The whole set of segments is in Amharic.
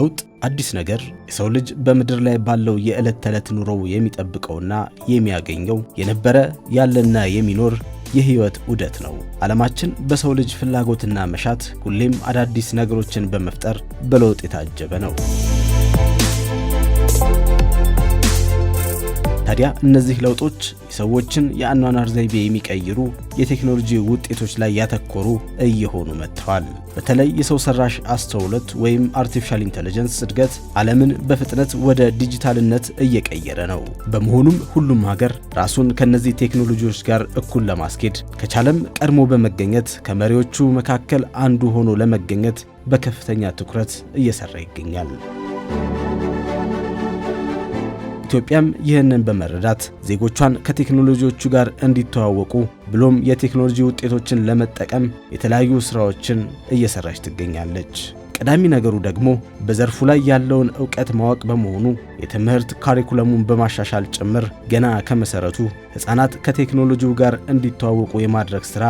ለውጥ አዲስ ነገር የሰው ልጅ በምድር ላይ ባለው የዕለት ተዕለት ኑሮው የሚጠብቀውና የሚያገኘው የነበረ ያለና የሚኖር የህይወት ዑደት ነው። ዓለማችን በሰው ልጅ ፍላጎትና መሻት ሁሌም አዳዲስ ነገሮችን በመፍጠር በለውጥ የታጀበ ነው። ታዲያ እነዚህ ለውጦች የሰዎችን የአኗኗር ዘይቤ የሚቀይሩ የቴክኖሎጂ ውጤቶች ላይ ያተኮሩ እየሆኑ መጥተዋል። በተለይ የሰው ሰራሽ አስተውሎት ወይም አርቲፊሻል ኢንተለጀንስ እድገት ዓለምን በፍጥነት ወደ ዲጂታልነት እየቀየረ ነው። በመሆኑም ሁሉም ሀገር ራሱን ከነዚህ ቴክኖሎጂዎች ጋር እኩል ለማስኬድ ከቻለም ቀድሞ በመገኘት ከመሪዎቹ መካከል አንዱ ሆኖ ለመገኘት በከፍተኛ ትኩረት እየሰራ ይገኛል። ኢትዮጵያም ይህንን በመረዳት ዜጎቿን ከቴክኖሎጂዎቹ ጋር እንዲተዋወቁ ብሎም የቴክኖሎጂ ውጤቶችን ለመጠቀም የተለያዩ ስራዎችን እየሰራች ትገኛለች። ቀዳሚ ነገሩ ደግሞ በዘርፉ ላይ ያለውን እውቀት ማወቅ በመሆኑ የትምህርት ካሪኩለሙን በማሻሻል ጭምር ገና ከመሰረቱ ሕፃናት ከቴክኖሎጂው ጋር እንዲተዋወቁ የማድረግ ስራ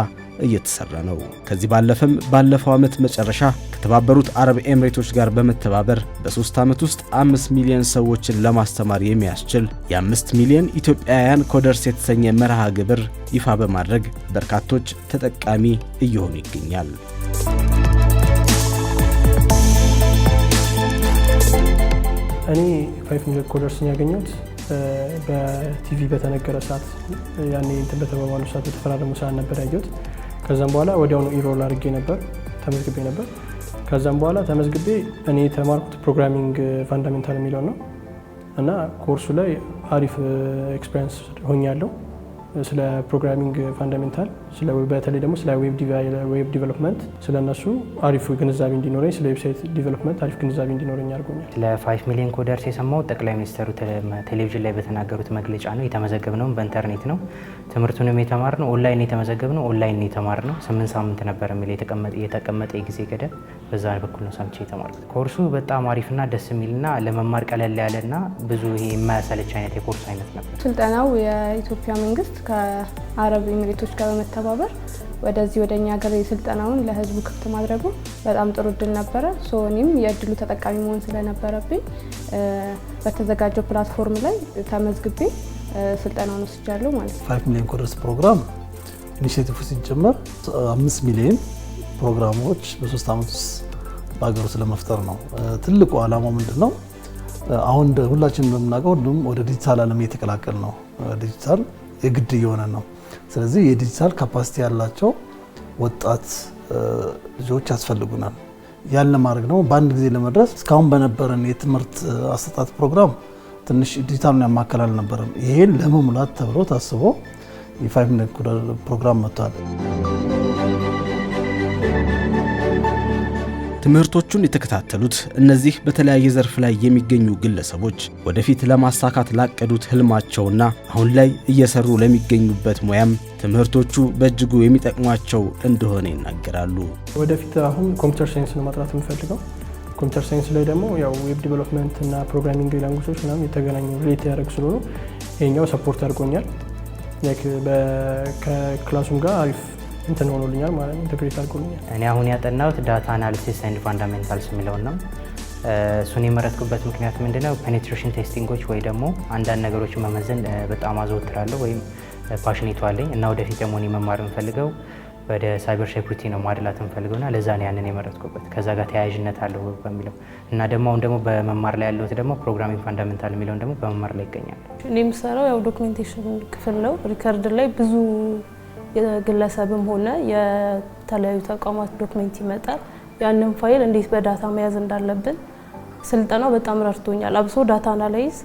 እየተሰራ ነው። ከዚህ ባለፈም ባለፈው ዓመት መጨረሻ ከተባበሩት አረብ ኤምሬቶች ጋር በመተባበር በሶስት ዓመት ውስጥ አምስት ሚሊዮን ሰዎችን ለማስተማር የሚያስችል የአምስት ሚሊዮን ኢትዮጵያውያን ኮደርስ የተሰኘ መርሃ ግብር ይፋ በማድረግ በርካቶች ተጠቃሚ እየሆኑ ይገኛል። እኔ ፋይፍ ሚሊዮን ኮደርስን ያገኘሁት በቲቪ በተነገረ ሰዓት ያኔ እንትን በተባባሉ ሰዓት የተፈራረሙ ሰዓት ነበር ያየሁት። ከዛም በኋላ ወዲያውኑ ኢሮል አድርጌ ነበር ተመዝግቤ ነበር። ከዛም በኋላ ተመዝግቤ እኔ የተማርኩት ፕሮግራሚንግ ፋንዳሜንታል የሚለው ነው እና ኮርሱ ላይ አሪፍ ኤክስፔሪንስ uh, ሆኛለሁ። ስለ ፕሮግራሚንግ ፋንዳሜንታል በተለይ ደግሞ ስለ ዌብ ዲቨሎፕመንት ስለ እነሱ አሪፍ ግንዛቤ እንዲኖረኝ ስለ ዌብሳይት ዲቨሎፕመንት አሪፍ ግንዛቤ እንዲኖረኝ አድርጎኛል። ስለ ፋይቭ ሚሊዮን ኮደርስ የሰማው ጠቅላይ ሚኒስትሩ ቴሌቪዥን ላይ በተናገሩት መግለጫ ነው። የተመዘገብነውም በኢንተርኔት ነው። ትምህርቱንም የተማርነው ኦንላይን፣ የተመዘገብነው ኦንላይን የተማርነው ስምንት ሳምንት ነበር የሚል የተቀመጠ የጊዜ ገደብ በዛ በኩል ነው ሰምቼ የተማርኩት። ኮርሱ በጣም አሪፍና ደስ የሚልና ለመማር ቀለል ያለና ብዙ ይሄ የማያሰለች አይነት የኮርስ አይነት ነበር። ስልጠናው የኢትዮጵያ መንግስት ከአረብ ኤሚሬቶች ጋር በመተባበር ወደዚህ ወደ እኛ ሀገር የስልጠናውን ለህዝቡ ክፍት ማድረጉ በጣም ጥሩ እድል ነበረ። እኔም የእድሉ ተጠቃሚ መሆን ስለነበረብኝ በተዘጋጀው ፕላትፎርም ላይ ተመዝግቤ ስልጠናውን ወስጃለሁ ማለት ነው። ፋይቭ ሚሊዮን ኮደርስ ፕሮግራም ኢኒሽቲቭ ሲጀመር አምስት ሚሊዮን ፕሮግራሞች በሶስት ዓመት ውስጥ በሀገር ውስጥ ለመፍጠር ነው። ትልቁ ዓላማው ምንድን ነው? አሁን ሁላችን እንደምናውቀው ሁሉም ወደ ዲጂታል ዓለም እየተቀላቀል ነው። ዲጂታል የግድ እየሆነ ነው። ስለዚህ የዲጂታል ካፓሲቲ ያላቸው ወጣት ልጆች ያስፈልጉናል። ያን ለማድረግ ደግሞ በአንድ ጊዜ ለመድረስ እስካሁን በነበረን የትምህርት አሰጣጥ ፕሮግራም ትንሽ ዲጂታሉን ያማከል አልነበረም። ይሄን ለመሙላት ተብሎ ታስቦ የፋይቭ ሚሊዮን ፕሮግራም መጥቷል። ትምህርቶቹን የተከታተሉት እነዚህ በተለያየ ዘርፍ ላይ የሚገኙ ግለሰቦች ወደፊት ለማሳካት ላቀዱት ህልማቸውና አሁን ላይ እየሰሩ ለሚገኙበት ሙያም ትምህርቶቹ በእጅጉ የሚጠቅሟቸው እንደሆነ ይናገራሉ። ወደፊት አሁን ኮምፒውተር ሳይንስ ነው ማጥራት የምፈልገው። ኮምፒውተር ሳይንስ ላይ ደግሞ ያው ዌብ ዲቨሎፕመንት እና ፕሮግራሚንግ ላንጉጆች ምናምን የተገናኙ ሪሌት ያደረግ ስለሆኑ ይሄኛው ሰፖርት አድርጎኛል። ከክላሱም ጋር አሪፍ እንትን ሆኖልኛል ማለት ነው፣ ኢንተግሬት አድርጎልኛል። እኔ አሁን ያጠናሁት ዳታ አናሊሲስ ኤንድ ፋንዳሜንታልስ የሚለውን ነው። እሱን የመረጥኩበት ምክንያት ምንድነው? ፔኔትሬሽን ቴስቲንጎች ወይ ደግሞ አንዳንድ ነገሮች መመዘን በጣም አዘወትራለሁ ወይም ፓሽኔቱ አለኝ እና ወደፊት ደግሞ እኔ መማር የምፈልገው ወደ ሳይበር ሴኩሪቲ ነው ማድላት የምፈልገውና ለዛ ነው ያንን የመረጥኩበት። ከዛ ጋር ተያያዥነት አለው በሚለው እና ደግሞ አሁን ደግሞ በመማር ላይ ያለሁት ደግሞ ፕሮግራሚንግ ፋንዳሜንታል የሚለውን ደግሞ በመማር ላይ ይገኛል። እኔ የምሰራው ያው ዶክሜንቴሽን ክፍል ነው። ሪከርድ ላይ ብዙ የግለሰብም ሆነ የተለያዩ ተቋማት ዶክመንት ይመጣል። ያንን ፋይል እንዴት በዳታ መያዝ እንዳለብን ስልጠናው በጣም ረድቶኛል። አብሶ ዳታ አናላይዝ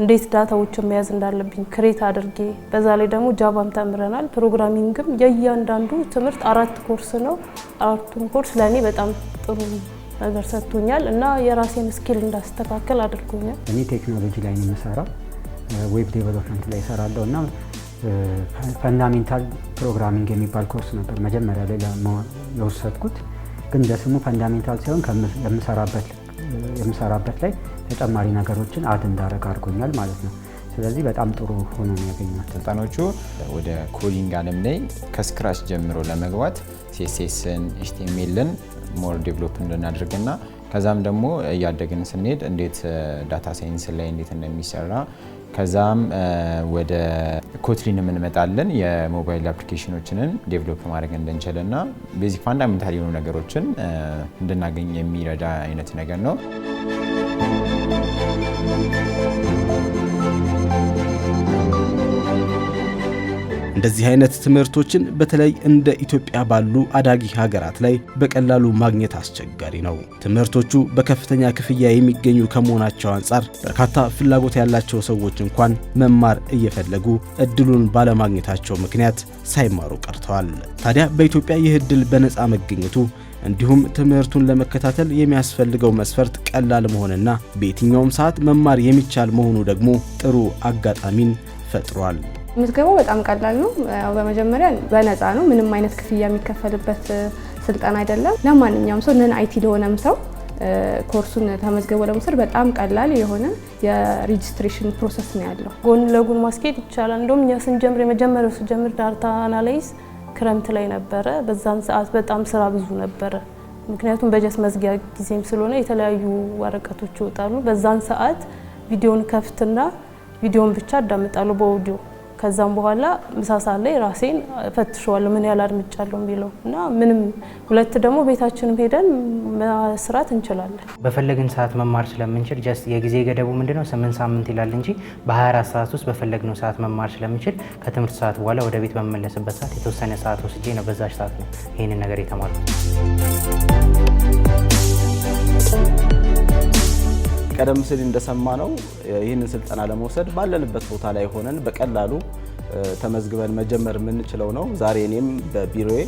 እንዴት ዳታዎችን መያዝ እንዳለብኝ ክሬት አድርጌ፣ በዛ ላይ ደግሞ ጃቫም ተምረናል። ፕሮግራሚንግም የእያንዳንዱ ትምህርት አራት ኮርስ ነው። አራቱን ኮርስ ለእኔ በጣም ጥሩ ነገር ሰጥቶኛል እና የራሴን ስኪል እንዳስተካከል አድርጎኛል። እኔ ቴክኖሎጂ ላይ ነው የምሰራው፣ ዌብ ዴቨሎፕመንት ላይ እሰራለሁ እና ፈንዳሜንታል ፕሮግራሚንግ የሚባል ኮርስ ነበር መጀመሪያ ላይ የወሰድኩት። ግን እንደ ስሙ ፈንዳሜንታል ሲሆን የምሰራበት ላይ ተጨማሪ ነገሮችን አድ እንዳረግ አድርጎኛል ማለት ነው። ስለዚህ በጣም ጥሩ ሆኖ ነው ያገኘሁት። ስልጠኖቹ ወደ ኮዲንግ አለም ላይ ከስክራች ጀምሮ ለመግባት ሴሴስን ኤችቲኤምኤልን ሞር ዴቨሎፕ እንድናደርግና ከዛም ደግሞ እያደግን ስንሄድ እንዴት ዳታ ሳይንስ ላይ እንዴት እንደሚሰራ ከዛም ወደ ኮትሊን የምንመጣለን የሞባይል አፕሊኬሽኖችንን ዴቨሎፕ ማድረግ እንድንችል እና ቤዚክ ፋንዳሜንታል የሆኑ ነገሮችን እንድናገኝ የሚረዳ አይነት ነገር ነው። እንደዚህ አይነት ትምህርቶችን በተለይ እንደ ኢትዮጵያ ባሉ አዳጊ ሀገራት ላይ በቀላሉ ማግኘት አስቸጋሪ ነው። ትምህርቶቹ በከፍተኛ ክፍያ የሚገኙ ከመሆናቸው አንጻር በርካታ ፍላጎት ያላቸው ሰዎች እንኳን መማር እየፈለጉ እድሉን ባለማግኘታቸው ምክንያት ሳይማሩ ቀርተዋል። ታዲያ በኢትዮጵያ ይህ እድል በነፃ መገኘቱ እንዲሁም ትምህርቱን ለመከታተል የሚያስፈልገው መስፈርት ቀላል መሆንና በየትኛውም ሰዓት መማር የሚቻል መሆኑ ደግሞ ጥሩ አጋጣሚን ፈጥሯል። የምትገባው በጣም ቀላል ነው። በመጀመሪያ በነፃ ነው። ምንም አይነት ክፍያ የሚከፈልበት ስልጠና አይደለም። ለማንኛውም ሰው ነን አይቲ ለሆነም ሰው ኮርሱን ተመዝግቦ ለመውሰድ በጣም ቀላል የሆነ የሬጅስትሬሽን ፕሮሰስ ነው ያለው። ጎን ለጎን ማስኬድ ይቻላል። እንደውም እኛ ስንጀምር የመጀመሪያው ስንጀምር ዳርታ አናላይዝ ክረምት ላይ ነበረ። በዛን ሰዓት በጣም ስራ ብዙ ነበረ። ምክንያቱም በጀት መዝጊያ ጊዜም ስለሆነ የተለያዩ ወረቀቶች ይወጣሉ። በዛን ሰዓት ቪዲዮን ከፍትና ቪዲዮን ብቻ አዳምጣለሁ በኦዲዮ ከዛም በኋላ ምሳ ሰዓት ላይ ራሴን ፈትሸዋለሁ፣ ምን ያህል አድምጫለሁ የሚለው እና ምንም ሁለት ደግሞ ቤታችንም ሄደን መስራት እንችላለን። በፈለግን ሰዓት መማር ስለምንችል ጀስት የጊዜ ገደቡ ምንድነው ስምንት ሳምንት ይላል እንጂ በ24 ሰዓት ውስጥ በፈለግነው ሰዓት መማር ስለምንችል ከትምህርት ሰዓት በኋላ ወደ ቤት በመመለስበት ሰዓት የተወሰነ ሰዓት ወስጄ ነው። በዛች ሰዓት ነው ይህንን ነገር የተማርኩት። ቀደም ሲል እንደሰማ ነው ይህንን ስልጠና ለመውሰድ ባለንበት ቦታ ላይ ሆነን በቀላሉ ተመዝግበን መጀመር የምንችለው ነው። ዛሬ እኔም በቢሮዬ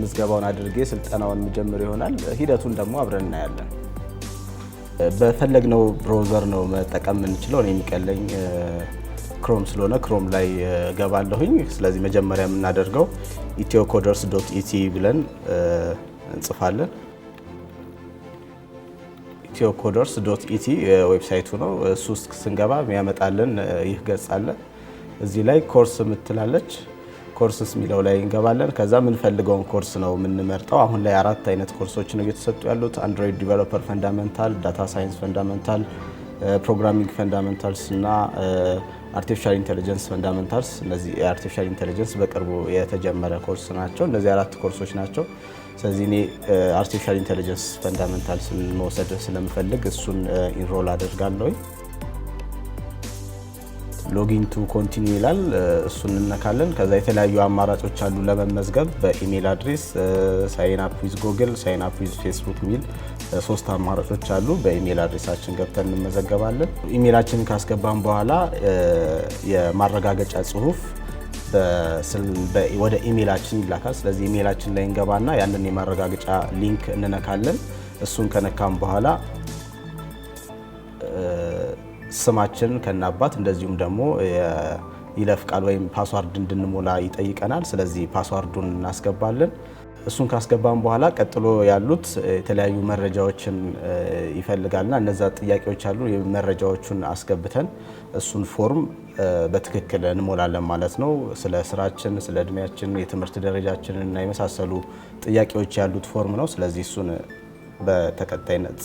ምዝገባውን አድርጌ ስልጠናውን የምጀምር ይሆናል። ሂደቱን ደግሞ አብረን እናያለን። በፈለግነው ብሮዘር ነው መጠቀም የምንችለው። እኔ የሚቀለኝ ክሮም ስለሆነ ክሮም ላይ ገባለሁኝ። ስለዚህ መጀመሪያ የምናደርገው ኢትዮ ኮደርስ ዶት ኢቲ ብለን እንጽፋለን። ኢትዮ ኮደርስ ዶት ኢቲ ዌብሳይቱ ነው። እሱ ስንገባ የሚያመጣልን ይህ ገጽ አለ። እዚህ ላይ ኮርስ የምትላለች ኮርስስ የሚለው ላይ እንገባለን። ከዛ የምንፈልገውን ኮርስ ነው የምንመርጠው። አሁን ላይ አራት አይነት ኮርሶች ነው እየተሰጡ ያሉት አንድሮይድ ዲቨሎፐር ፈንዳመንታል፣ ዳታ ሳይንስ ፈንዳመንታል፣ ፕሮግራሚንግ ፈንዳመንታልስ እና አርቲፊሻል ኢንቴሊጀንስ ፈንዳመንታልስ። እነዚህ የአርቲፊሻል ኢንቴሊጀንስ በቅርቡ የተጀመረ ኮርስ ናቸው። እነዚህ አራት ኮርሶች ናቸው። ስለዚህ እኔ አርቲፊሻል ኢንቴሊጀንስ ፈንዳመንታልስን መውሰድ ስለምፈልግ እሱን ኢንሮል አደርጋለሁኝ። ሎጊን ቱ ኮንቲኒ ይላል። እሱን እንነካለን። ከዛ የተለያዩ አማራጮች አሉ ለመመዝገብ በኢሜይል አድሬስ፣ ሳይን አፕ ዊዝ ጉግል፣ ሳይን አፕ ዊዝ ፌስቡክ የሚል ሶስት አማራጮች አሉ። በኢሜይል አድሬሳችን ገብተን እንመዘገባለን። ኢሜይላችንን ካስገባን በኋላ የማረጋገጫ ጽሁፍ ወደ ኢሜይላችን ይላካል። ስለዚህ ኢሜይላችን ላይ እንገባና ያንን የማረጋገጫ ሊንክ እንነካለን። እሱን ከነካም በኋላ ከና ከናባት እንደዚሁም ደግሞ ይለፍ ቃል ወይም ፓስዋርድ እንድንሞላ ይጠይቀናል። ስለዚህ ፓስዋርዱን እናስገባለን። እሱን ካስገባን በኋላ ቀጥሎ ያሉት የተለያዩ መረጃዎችን ይፈልጋልና እነዛ ጥያቄዎች አሉ። መረጃዎቹን አስገብተን እሱን ፎርም በትክክል እንሞላለን ማለት ነው። ስለ ስራችን፣ ስለ እድሜያችን፣ የትምህርት ደረጃችንን እና የመሳሰሉ ጥያቄዎች ያሉት ፎርም ነው። ስለዚህ እሱን በተከታይነት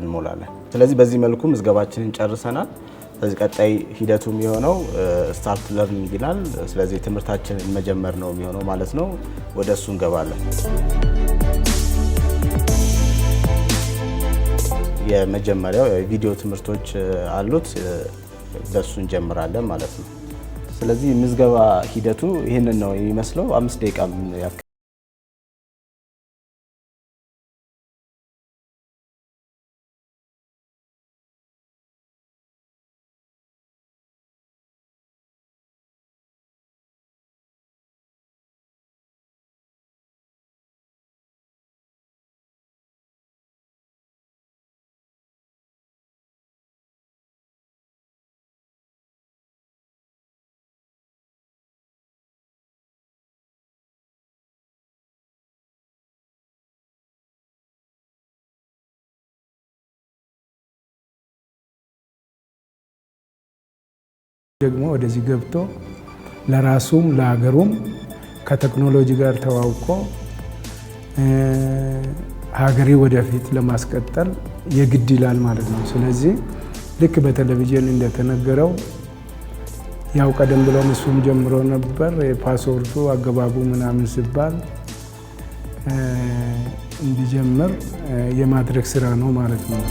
እንሞላለን። ስለዚህ በዚህ መልኩ ምዝገባችንን ጨርሰናል። ስለዚህ ቀጣይ ሂደቱ የሆነው ስታርት ለርኒንግ ይላል። ስለዚህ ትምህርታችንን መጀመር ነው የሚሆነው ማለት ነው። ወደ እሱ እንገባለን። የመጀመሪያው የቪዲዮ ትምህርቶች አሉት። በእሱ እንጀምራለን ማለት ነው። ስለዚህ ምዝገባ ሂደቱ ይህንን ነው የሚመስለው። አምስት ደቂቃ ደግሞ ወደዚህ ገብቶ ለራሱም ለሀገሩም ከቴክኖሎጂ ጋር ተዋውቆ ሀገሬ ወደፊት ለማስቀጠል የግድ ይላል ማለት ነው። ስለዚህ ልክ በቴሌቪዥን እንደተነገረው ያው ቀደም ብሎም እሱም ጀምሮ ነበር የፓስወርዱ አገባቡ ምናምን ሲባል እንዲጀምር የማድረግ ስራ ነው ማለት ነው።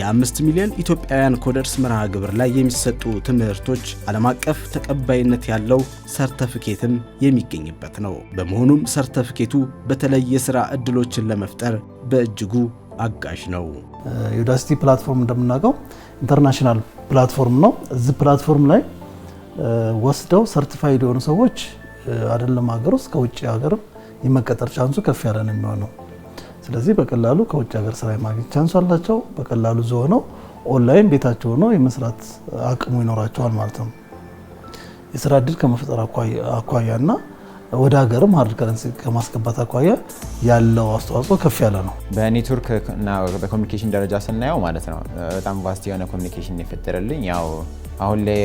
የአምስት ሚሊዮን ኢትዮጵያውያን ኮደርስ መርሃ ግብር ላይ የሚሰጡ ትምህርቶች ዓለም አቀፍ ተቀባይነት ያለው ሰርተፍኬትም የሚገኝበት ነው። በመሆኑም ሰርተፍኬቱ በተለይ የሥራ ዕድሎችን ለመፍጠር በእጅጉ አጋዥ ነው። የዩዳሲቲ ፕላትፎርም እንደምናውቀው ኢንተርናሽናል ፕላትፎርም ነው። እዚህ ፕላትፎርም ላይ ወስደው ሰርቲፋይድ የሆኑ ሰዎች አይደለም ሀገር ውስጥ ከውጭ ሀገርም የመቀጠር ቻንሱ ከፍ ያለ ነው የሚሆነው። ስለዚህ በቀላሉ ከውጭ ሀገር ስራ የማግኘት ቻንሱ አላቸው። በቀላሉ ዞ ሆነው ኦንላይን ቤታቸው ሆነው የመስራት አቅሙ ይኖራቸዋል ማለት ነው። የስራ እድል ከመፍጠር አኳያና ወደ ሀገርም ሀርድ ከረንሲ ከማስገባት አኳያ ያለው አስተዋጽኦ ከፍ ያለ ነው። በኔትወርክ እና በኮሚኒኬሽን ደረጃ ስናየው ማለት ነው በጣም ቫስት የሆነ ኮሚኒኬሽን የፈጠረልኝ ያው አሁን ላይ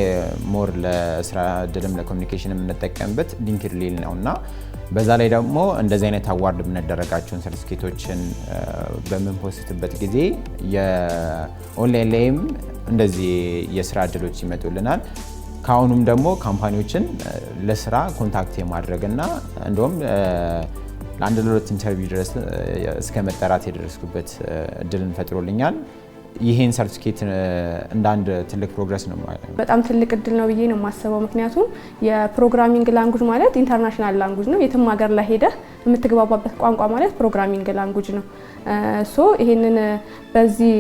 ሞር ለስራ እድልም ለኮሚኒኬሽን የምንጠቀምበት ሊንክድኢን ነው እና በዛ ላይ ደግሞ እንደዚህ አይነት አዋርድ የምናደረጋቸውን ሰርቲፊኬቶችን በምንፖስትበት ጊዜ የኦንላይን ላይም እንደዚህ የስራ እድሎች ይመጡልናል። ከአሁኑም ደግሞ ካምፓኒዎችን ለስራ ኮንታክት የማድረግ እና እንዲሁም ለአንድ ለሁለት ኢንተርቪው ድረስ እስከ መጠራት የደረስኩበት እድልን ፈጥሮልኛል። ይሄን ሰርቲፊኬት እንደ አንድ ትልቅ ፕሮግረስ ነው። በጣም ትልቅ እድል ነው ብዬ ነው የማስበው። ምክንያቱም የፕሮግራሚንግ ላንጉጅ ማለት ኢንተርናሽናል ላንጉጅ ነው። የትም ሀገር ላይ ሄደህ የምትግባባበት ቋንቋ ማለት ፕሮግራሚንግ ላንጉጅ ነው። ሶ ይሄንን በዚህ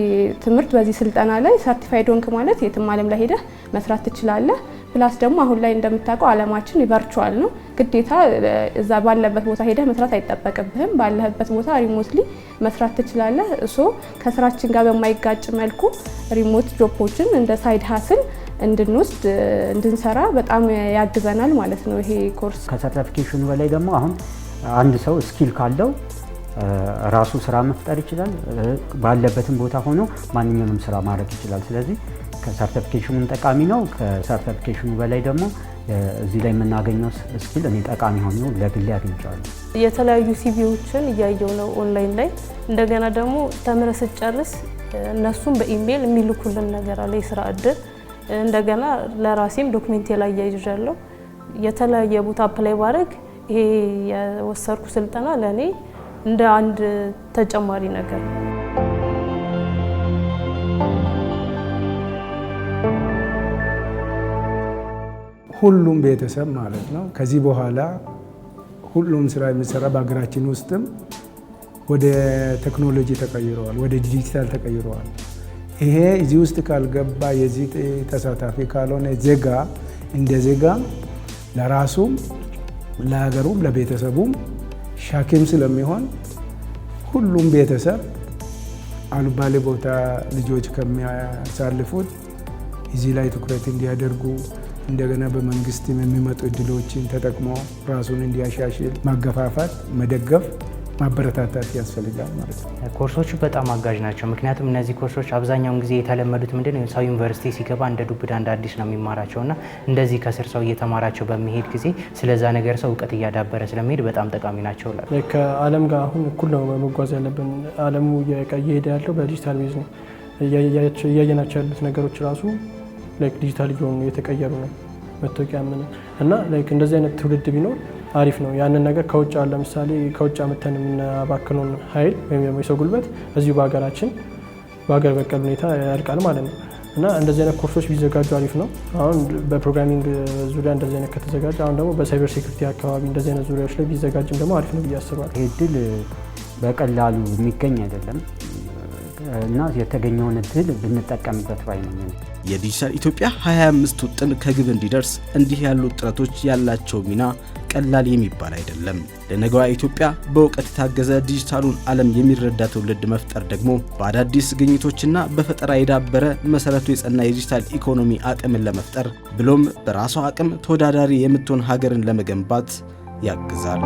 ትምህርት በዚህ ስልጠና ላይ ሰርቲፋይድ ሆንክ ማለት የትም ዓለም ላይ ሄደህ መስራት ትችላለህ። ፕላስ ደግሞ አሁን ላይ እንደምታውቀው አለማችን ቨርቹዋል ነው። ግዴታ እዛ ባለበት ቦታ ሄደህ መስራት አይጠበቅብህም። ባለህበት ቦታ ሪሞትሊ መስራት ትችላለህ። እሶ ከስራችን ጋር በማይጋጭ መልኩ ሪሞት ጆፖችን እንደ ሳይድ ሀስል እንድንወስድ እንድንሰራ በጣም ያግዘናል ማለት ነው ይሄ ኮርስ። ከሰርቲፊኬሽኑ በላይ ደግሞ አሁን አንድ ሰው ስኪል ካለው ራሱ ስራ መፍጠር ይችላል። ባለበትም ቦታ ሆኖ ማንኛውንም ስራ ማድረግ ይችላል። ስለዚህ ከሰርተፊኬሽኑም ጠቃሚ ነው። ከሰርቲፊኬሽኑ በላይ ደግሞ እዚህ ላይ የምናገኘው ስኪል እኔ ጠቃሚ ሆኖ ለግሌ አግኝቼዋለሁ። የተለያዩ ሲቪዎችን እያየው ነው ኦንላይን ላይ። እንደገና ደግሞ ተምረ ስትጨርስ እነሱም በኢሜይል የሚልኩልን ነገር አለ የስራ እድል። እንደገና ለራሴም ዶክሜንቴ ላይ እያይዣለሁ የተለያየ ቦታ አፕላይ ባድረግ ይሄ የወሰድኩ ስልጠና ለእኔ እንደ አንድ ተጨማሪ ነገር ሁሉም ቤተሰብ ማለት ነው። ከዚህ በኋላ ሁሉም ስራ የሚሰራ በሀገራችን ውስጥም ወደ ቴክኖሎጂ ተቀይረዋል፣ ወደ ዲጂታል ተቀይረዋል። ይሄ እዚህ ውስጥ ካልገባ የዚህ ተሳታፊ ካልሆነ ዜጋ እንደ ዜጋ ለራሱም ለሀገሩም ለቤተሰቡም ሻኪም ስለሚሆን ሁሉም ቤተሰብ አልባሌ ቦታ ልጆች ከሚያሳልፉት እዚህ ላይ ትኩረት እንዲያደርጉ እንደገና በመንግስትም የሚመጡ እድሎችን ተጠቅሞ ራሱን እንዲያሻሽል ማገፋፋት፣ መደገፍ፣ ማበረታታት ያስፈልጋል ማለት ነው። ኮርሶቹ በጣም አጋዥ ናቸው። ምክንያቱም እነዚህ ኮርሶች አብዛኛውን ጊዜ የተለመዱት ምንድን ነው ሰው ዩኒቨርሲቲ ሲገባ እንደ ዱብዳ እንደ አዲስ ነው የሚማራቸው እና እንደዚህ ከስር ሰው እየተማራቸው በሚሄድ ጊዜ ስለዛ ነገር ሰው እውቀት እያዳበረ ስለሚሄድ በጣም ጠቃሚ ናቸው። ላ ከአለም ጋር አሁን እኩል ነው መጓዝ ያለብን። አለሙ እየሄደ ያለው በዲጂታል ቤዝ ነው። እያየናቸው ያሉት ነገሮች ራሱ ላይክ ዲጂታል እየሆኑ የተቀየሩ ነው መታወቂያ ምን እና ላይክ እንደዚህ አይነት ትውልድ ቢኖር አሪፍ ነው። ያንን ነገር ከውጭ አለ ለምሳሌ ከውጭ አመተን የምናባክነውን ኃይል ወይም ደግሞ የሰው ጉልበት እዚሁ በሀገራችን በሀገር በቀል ሁኔታ ያልቃል ማለት ነው እና እንደዚህ አይነት ኮርሶች ቢዘጋጁ አሪፍ ነው። አሁን በፕሮግራሚንግ ዙሪያ እንደዚህ አይነት ከተዘጋጀ አሁን ደግሞ በሳይበር ሴኩሪቲ አካባቢ እንደዚህ አይነት ዙሪያዎች ላይ ቢዘጋጅም ደግሞ አሪፍ ነው ብዬ አስባለሁ። ይህ እድል በቀላሉ የሚገኝ አይደለም። እና የተገኘውን እድል ብንጠቀምበት ባይ ነኝ። የዲጂታል ኢትዮጵያ 25 ውጥን ከግብ እንዲደርስ እንዲህ ያሉ ጥረቶች ያላቸው ሚና ቀላል የሚባል አይደለም። ለነገዋ ኢትዮጵያ በእውቀት የታገዘ ዲጂታሉን ዓለም የሚረዳ ትውልድ መፍጠር ደግሞ በአዳዲስ ግኝቶችና በፈጠራ የዳበረ መሰረቱ የጸና የዲጂታል ኢኮኖሚ አቅምን ለመፍጠር ብሎም በራሷ አቅም ተወዳዳሪ የምትሆን ሀገርን ለመገንባት ያግዛል።